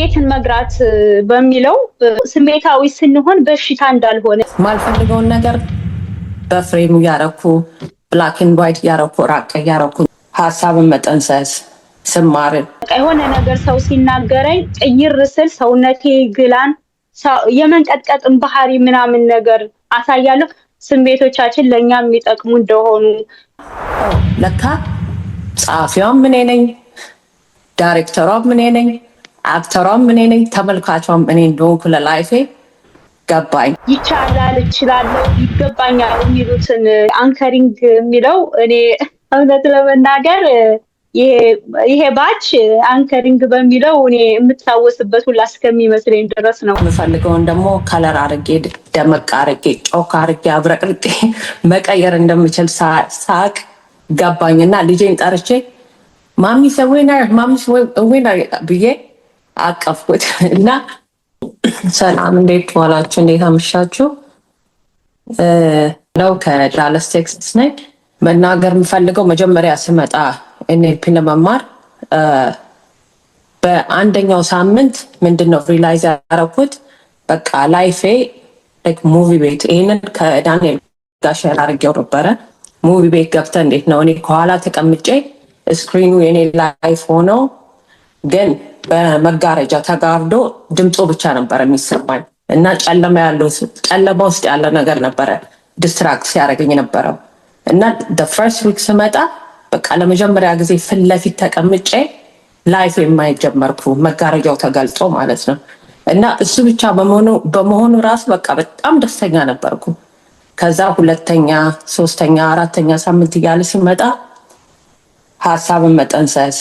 ስሜትን መግራት በሚለው ስሜታዊ ስንሆን በሽታ እንዳልሆነ ማልፈልገውን ነገር በፍሬም እያረኩ ብላክን ዋይት እያረኩ ራቅ እያረኩ ሀሳብን መጠንሰስ ስማርን የሆነ ነገር ሰው ሲናገረኝ ቅይር ስል ሰውነቴ ግላን የመንቀጥቀጥን ባህሪ ምናምን ነገር አሳያለሁ። ስሜቶቻችን ለእኛ የሚጠቅሙ እንደሆኑ ለካ ጸሐፊዋም ምን ነኝ፣ ዳይሬክተሯም ምን ነኝ። አክተሯም እኔ ነኝ፣ ተመልካቿም እኔ እንደሆንኩ ለላይፌ ገባኝ። ይቻላል፣ እችላለሁ፣ ይገባኛል የሚሉትን አንከሪንግ የሚለው እኔ እውነት ለመናገር ይሄ ባች አንከሪንግ በሚለው እኔ የምታወስበት ሁላ እስከሚመስለኝ ድረስ ነው። የምፈልገውን ደግሞ ከለር አርጌ ደመቅ አርጌ ጮክ አርጌ አብረቅርጤ መቀየር እንደምችል ሳቅ እና ልጄን ጠርቼ ማሚ ሰ ዊነር ማሚ ዊነር ብዬ አቀፍኩት እና ሰላም፣ እንዴት ዋላችሁ? እንዴት አመሻችሁ? ነው ከዳለስ ቴክሳስ ነኝ። መናገር የምፈልገው መጀመሪያ ስመጣ ኤንኤልፒ ለመማር በአንደኛው ሳምንት ምንድን ነው ሪላይዝ ያደረኩት በቃ ላይፌ ሙቪ ቤት ይህንን ከዳንኤል ጋር ሼር አድርጌው ነበረ። ሙቪ ቤት ገብተ እንዴት ነው እኔ ከኋላ ተቀምጬ ስክሪኑ የኔ ላይፍ ሆነው ግን በመጋረጃ ተጋርዶ ድምፆ ብቻ ነበረ የሚሰማኝ እና ጨለማ ያለው ጨለማ ውስጥ ያለ ነገር ነበረ ዲስትራክት ሲያደርገኝ ነበረው እና ፈርስት ዊክ ስመጣ በቃ ለመጀመሪያ ጊዜ ፊት ለፊት ተቀምጬ ላይፍ የማይጀመርኩ መጋረጃው ተገልጦ ማለት ነው እና እሱ ብቻ በመሆኑ ራሱ በቃ በጣም ደስተኛ ነበርኩ። ከዛ ሁለተኛ፣ ሶስተኛ፣ አራተኛ ሳምንት እያለ ሲመጣ ሀሳብን መጠንሰስ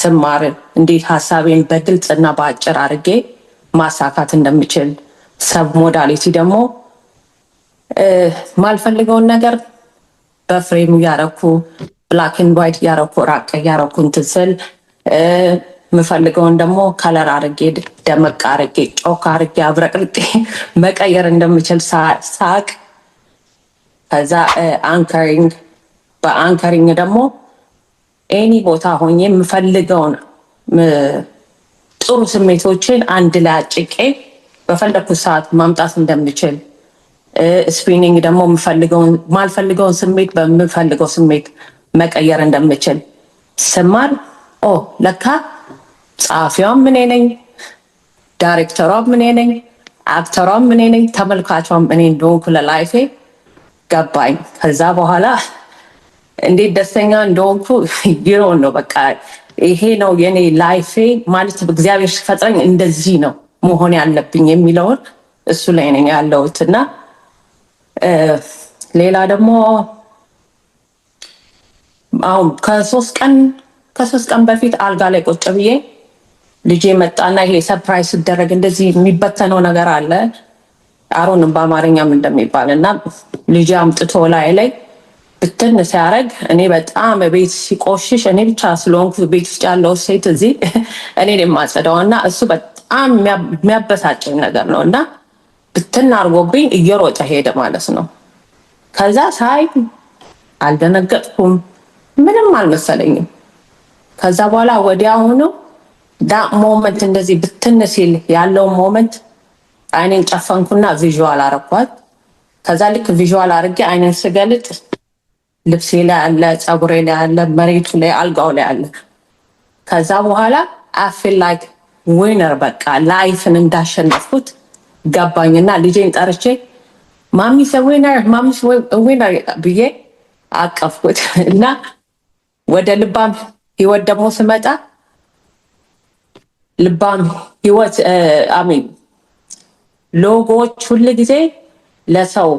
ስማር እንዴት ሀሳቤን በግልጽና በአጭር አድርጌ ማሳካት እንደምችል ሰብ ሞዳሊቲ ደግሞ ማልፈልገውን ነገር በፍሬም እያረኩ ብላክ ኤንድ ዋይት እያረኩ ራቅ እያረኩ እንትን ስል የምፈልገውን ደግሞ ከለር አርጌ ደመቅ አርጌ ጮክ አርጌ አብረቅርጤ መቀየር እንደምችል ሳቅ ከዛ አንከሪንግ በአንከሪንግ ደግሞ ኤኒ ቦታ ሆኜ የምፈልገውን ጥሩ ስሜቶችን አንድ ላይ አጭቄ በፈለግኩት ሰዓት ማምጣት እንደምችል ስፒኒንግ ደግሞ የምፈልገውን ማልፈልገውን ስሜት በምፈልገው ስሜት መቀየር እንደምችል ስማር ኦ ለካ ጸሐፊዋም እኔ ነኝ፣ ዳይሬክተሯም እኔ ነኝ፣ አክተሯም እኔ ነኝ፣ ተመልካቿም እኔ እንደሆንኩ ለላይፌ ገባኝ። ከዛ በኋላ እንዴት ደስተኛ እንደሆንኩ ቢሮን ነው በቃ ይሄ ነው የኔ ላይፌ ማለት እግዚአብሔር ሲፈጥረኝ እንደዚህ ነው መሆን ያለብኝ የሚለውን እሱ ላይ ነኝ ያለሁት እና ሌላ ደግሞ አሁን ከሶስት ቀን ከሶስት ቀን በፊት አልጋ ላይ ቁጭ ብዬ ልጄ መጣና ይሄ ሰርፕራይዝ ሲደረግ እንደዚህ የሚበተነው ነገር አለ አሮንም በአማርኛም እንደሚባል እና ልጄ አምጥቶ ላይ ላይ ብትን ሲያደርግ እኔ በጣም ቤት ሲቆሽሽ እኔ ብቻ ስለሆንኩ ቤት ውስጥ ያለው ሴት እዚህ እኔ የማጸዳው እና እሱ በጣም የሚያበሳጭኝ ነገር ነው እና ብትን አድርጎብኝ እየሮጠ ሄደ ማለት ነው። ከዛ ሳይ አልደነገጥኩም፣ ምንም አልመሰለኝም። ከዛ በኋላ ወዲያውኑ ዳ ሞመንት እንደዚህ ብትን ሲል ያለው ሞመንት አይኔን ጨፈንኩና ቪዥዋል አረኳት። ከዛ ልክ ቪዥዋል አድርጌ አይኔን ስገልጥ ልብሴ ላይ አለ፣ ፀጉሬ ላይ አለ፣ መሬቱ ላይ፣ አልጋው ላይ አለ። ከዛ በኋላ አፌል ላይክ ዊነር በቃ ላይፍን እንዳሸነፍኩት ገባኝና ልጄን ጠርቼ ማሚ ዊነር ማሚ ዊነር ብዬ አቀፍኩት እና ወደ ልባም ህይወት ደግሞ ስመጣ ልባም ህይወት አሚን ሎጎዎች ሁል ጊዜ ለሰው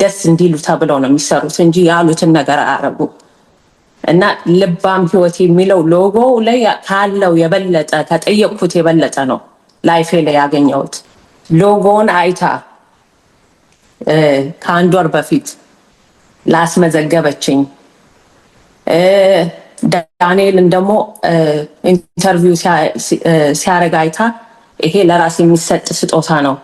ደስ እንዲሉ ተብለው ነው የሚሰሩት እንጂ ያሉትን ነገር አያረጉም። እና ልባም ህይወት የሚለው ሎጎ ላይ ካለው የበለጠ ከጠየቅኩት የበለጠ ነው ላይፌ ላይ ያገኘሁት። ሎጎን አይታ ከአንድ ወር በፊት ላስመዘገበችኝ ዳንኤልን ደግሞ ኢንተርቪው ሲያደርግ አይታ ይሄ ለራስ የሚሰጥ ስጦታ ነው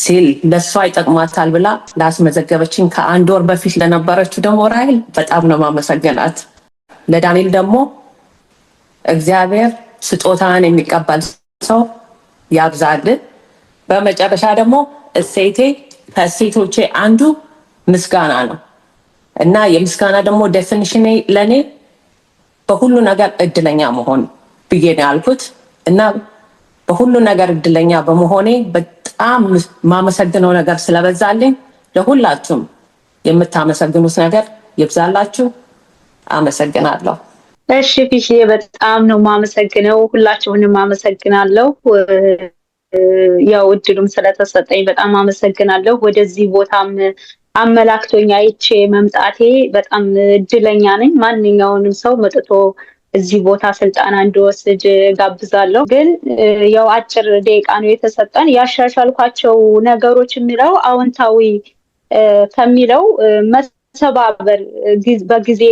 ሲል ለእሷ ይጠቅማታል ብላ ላስመዘገበችን ከአንድ ወር በፊት ለነበረችው ደግሞ ራይል በጣም ነው ማመሰገናት። ለዳንኤል ደግሞ እግዚአብሔር ስጦታን የሚቀበል ሰው ያብዛልን። በመጨረሻ ደግሞ እሴቴ ከእሴቶቼ አንዱ ምስጋና ነው እና የምስጋና ደግሞ ዴፊኒሽኔ ለእኔ በሁሉ ነገር እድለኛ መሆን ብዬ ነው ያልኩት እና በሁሉ ነገር እድለኛ በመሆኔ በጣም የማመሰግነው ነገር ስለበዛልኝ ለሁላችሁም የምታመሰግኑት ነገር ይብዛላችሁ። አመሰግናለሁ። እሺ ፊሽ በጣም ነው የማመሰግነው፣ ሁላችሁንም አመሰግናለሁ። ያው እድሉም ስለተሰጠኝ በጣም አመሰግናለሁ። ወደዚህ ቦታም አመላክቶኝ አይቼ መምጣቴ በጣም እድለኛ ነኝ። ማንኛውንም ሰው መጥቶ እዚህ ቦታ ስልጠና እንድወስድ ጋብዛለሁ። ግን ያው አጭር ደቂቃ ነው የተሰጠን። ያሻሻልኳቸው ነገሮች የሚለው አዎንታዊ ከሚለው መሰባበር በጊዜ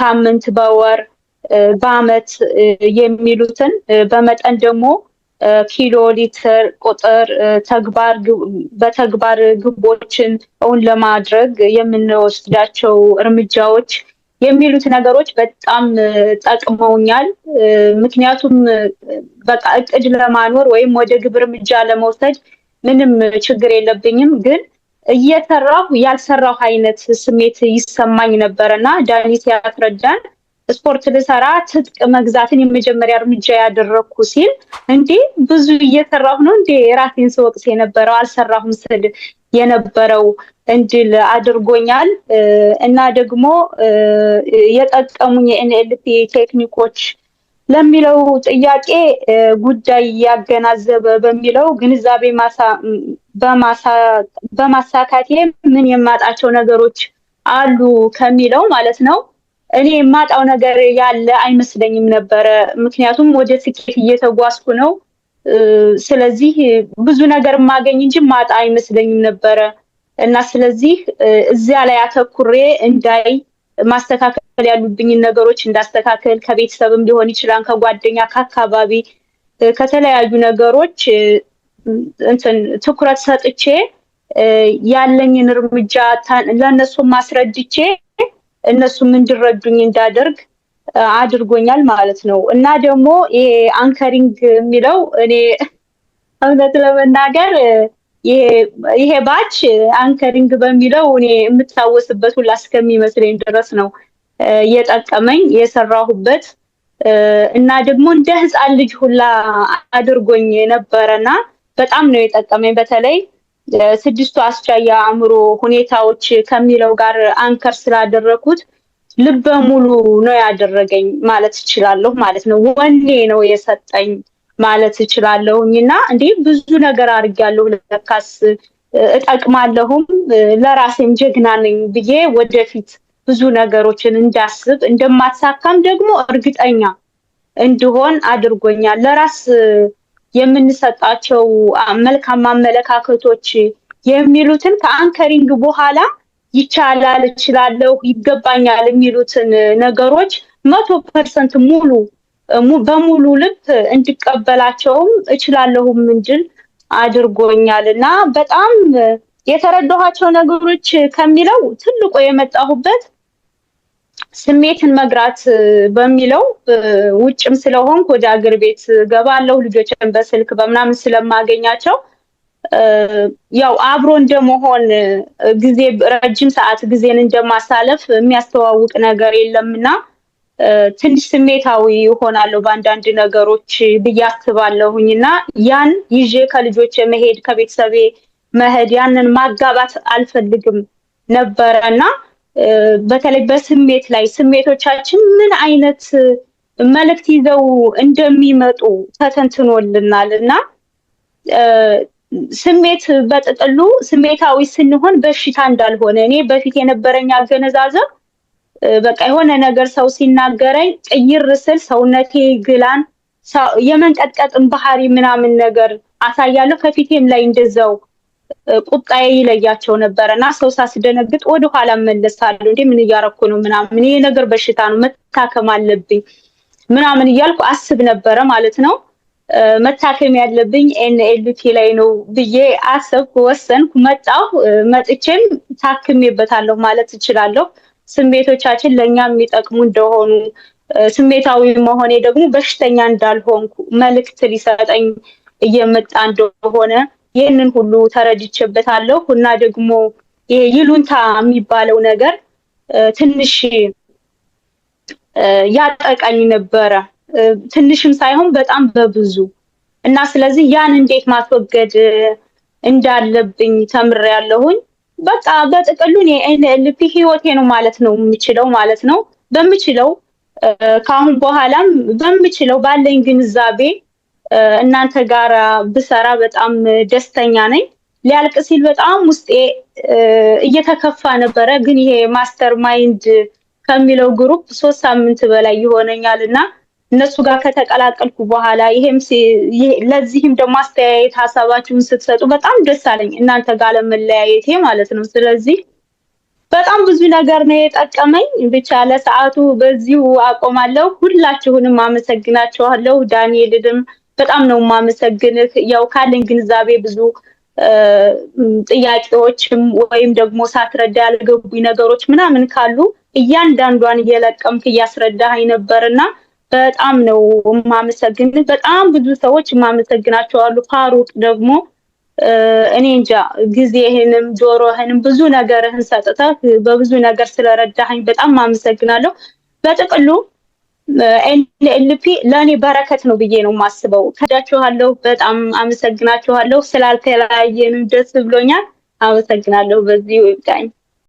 ሳምንት፣ በወር፣ በአመት የሚሉትን በመጠን ደግሞ ኪሎ፣ ሊትር፣ ቁጥር፣ ተግባር በተግባር ግቦችን እውን ለማድረግ የምንወስዳቸው እርምጃዎች የሚሉት ነገሮች በጣም ጠቅመውኛል። ምክንያቱም በቃ እቅድ ለማኖር ወይም ወደ ግብር እርምጃ ለመውሰድ ምንም ችግር የለብኝም፣ ግን እየሰራሁ ያልሰራሁ አይነት ስሜት ይሰማኝ ነበር እና ዳኒ ሲያስረዳን ስፖርት ልሰራ ትጥቅ መግዛትን የመጀመሪያ እርምጃ ያደረግኩ ሲል እንዴ ብዙ እየሰራሁ ነው እንዴ ራሴን ስወቅስ የነበረው አልሰራሁም ስል የነበረው እንድል አድርጎኛል እና ደግሞ የጠቀሙኝ የኤንኤልፒ ቴክኒኮች ለሚለው ጥያቄ ጉዳይ ያገናዘበ በሚለው ግንዛቤ በማሳካቴ ምን የማጣቸው ነገሮች አሉ ከሚለው ማለት ነው። እኔ የማጣው ነገር ያለ አይመስለኝም ነበረ። ምክንያቱም ወደ ስኬት እየተጓዝኩ ነው። ስለዚህ ብዙ ነገር ማገኝ እንጂ ማጣ አይመስለኝም ነበረ እና ስለዚህ እዚያ ላይ አተኩሬ እንዳይ ማስተካከል ያሉብኝን ነገሮች እንዳስተካከል ከቤተሰብም ሊሆን ይችላል፣ ከጓደኛ፣ ከአካባቢ፣ ከተለያዩ ነገሮች እንትን ትኩረት ሰጥቼ ያለኝን እርምጃ ለእነሱ ማስረድቼ እነሱም እንዲረዱኝ እንዳደርግ አድርጎኛል ማለት ነው። እና ደግሞ ይሄ አንከሪንግ የሚለው እኔ እውነት ለመናገር ይሄ ባች አንከሪንግ በሚለው እኔ የምታወስበት ሁላ እስከሚመስለኝ ድረስ ነው የጠቀመኝ የሰራሁበት እና ደግሞ እንደ ሕፃን ልጅ ሁላ አድርጎኝ ነበረና በጣም ነው የጠቀመኝ። በተለይ ስድስቱ አስቻያ አእምሮ ሁኔታዎች ከሚለው ጋር አንከር ስላደረኩት ልበ ሙሉ ነው ያደረገኝ ማለት እችላለሁ ማለት ነው። ወኔ ነው የሰጠኝ ማለት እችላለሁኝ። እና እንዲህ ብዙ ነገር አድርጌያለሁ ለካስ እጠቅማለሁም ለራሴም ጀግና ነኝ ብዬ ወደፊት ብዙ ነገሮችን እንዳስብ እንደማትሳካም ደግሞ እርግጠኛ እንድሆን አድርጎኛል። ለራስ የምንሰጣቸው መልካም አመለካከቶች የሚሉትን ከአንከሪንግ በኋላ ይቻላል፣ እችላለሁ፣ ይገባኛል የሚሉትን ነገሮች መቶ ፐርሰንት ሙሉ በሙሉ ልብ እንድቀበላቸውም እችላለሁም እንድል አድርጎኛል እና በጣም የተረዳኋቸው ነገሮች ከሚለው ትልቁ የመጣሁበት ስሜትን መግራት በሚለው ውጭም ስለሆንኩ ወደ አገር ቤት ገባለሁ ልጆችን በስልክ በምናምን ስለማገኛቸው ያው አብሮ እንደመሆን ጊዜ ረጅም ሰዓት ጊዜን እንደማሳለፍ የሚያስተዋውቅ ነገር የለምና ትንሽ ስሜታዊ ይሆናለሁ በአንዳንድ ነገሮች ብዬ አስባለሁኝ እና ያን ይዤ ከልጆች መሄድ ከቤተሰቤ መሄድ ያንን ማጋባት አልፈልግም ነበረ እና በተለይ በስሜት ላይ ስሜቶቻችን ምን አይነት መልእክት ይዘው እንደሚመጡ ተተንትኖልናል እና ስሜት በጥቅሉ ስሜታዊ ስንሆን በሽታ እንዳልሆነ እኔ በፊት የነበረኝ አገነዛዘብ በቃ የሆነ ነገር ሰው ሲናገረኝ ቅይር ስል ሰውነቴ ግላን የመንቀጥቀጥን ባህሪ ምናምን ነገር አሳያለሁ። ከፊቴም ላይ እንደዛው ቁጣዬ ይለያቸው ነበረ እና ሰው ሳስደነግጥ ወደኋላ መለሳለሁ። እንዴ ምን እያረኩ ነው ምናምን፣ ይሄ ነገር በሽታ ነው መታከም አለብኝ ምናምን እያልኩ አስብ ነበረ ማለት ነው። መታከም ያለብኝ ኤንኤልፒ ላይ ነው ብዬ አሰብኩ፣ ወሰንኩ፣ መጣሁ። መጥቼም ታክሜበታለሁ ማለት እችላለሁ። ስሜቶቻችን ለእኛ የሚጠቅሙ እንደሆኑ ስሜታዊ መሆኔ ደግሞ በሽተኛ እንዳልሆንኩ መልእክት ሊሰጠኝ እየመጣ እንደሆነ ይህንን ሁሉ ተረድቼበታለሁ እና ደግሞ ይሄ ይሉንታ የሚባለው ነገር ትንሽ ያጠቃኝ ነበረ። ትንሽም ሳይሆን በጣም በብዙ እና ስለዚህ ያን እንዴት ማስወገድ እንዳለብኝ ተምሬያለሁኝ። በቃ በጥቅሉ ኤንኤልፒ ህይወቴ ነው ማለት ነው የምችለው ማለት ነው በምችለው ከአሁን በኋላም በምችለው ባለኝ ግንዛቤ እናንተ ጋር ብሰራ በጣም ደስተኛ ነኝ። ሊያልቅ ሲል በጣም ውስጤ እየተከፋ ነበረ፣ ግን ይሄ ማስተር ማይንድ ከሚለው ግሩፕ ሶስት ሳምንት በላይ ይሆነኛል እና እነሱ ጋር ከተቀላቀልኩ በኋላ ይሄም ለዚህም ደግሞ አስተያየት ሀሳባችሁን ስትሰጡ በጣም ደስ አለኝ፣ እናንተ ጋር ለመለያየቴ ማለት ነው። ስለዚህ በጣም ብዙ ነገር ነው የጠቀመኝ። ብቻ ለሰዓቱ በዚሁ አቆማለሁ። ሁላችሁንም አመሰግናችኋለሁ። ዳንኤልንም በጣም ነው የማመሰግንህ። ያው ካለኝ ግንዛቤ ብዙ ጥያቄዎችም ወይም ደግሞ ሳትረዳ ያልገቡኝ ነገሮች ምናምን ካሉ እያንዳንዷን እየለቀምክ እያስረዳህ ነበርና በጣም ነው የማመሰግን። በጣም ብዙ ሰዎች የማመሰግናቸው አሉ። ፋሩቅ ደግሞ እኔ እንጃ ጊዜህንም ጆሮህንም ብዙ ነገርህን ሰጥተህ በብዙ ነገር ስለረዳኸኝ በጣም ማመሰግናለሁ። በጥቅሉ ኤልፒ ለእኔ በረከት ነው ብዬ ነው የማስበው። ከዳችኋለሁ። በጣም አመሰግናችኋለሁ። ስላልተለያየንም ደስ ብሎኛል። አመሰግናለሁ። በዚሁ ይብቃኝ።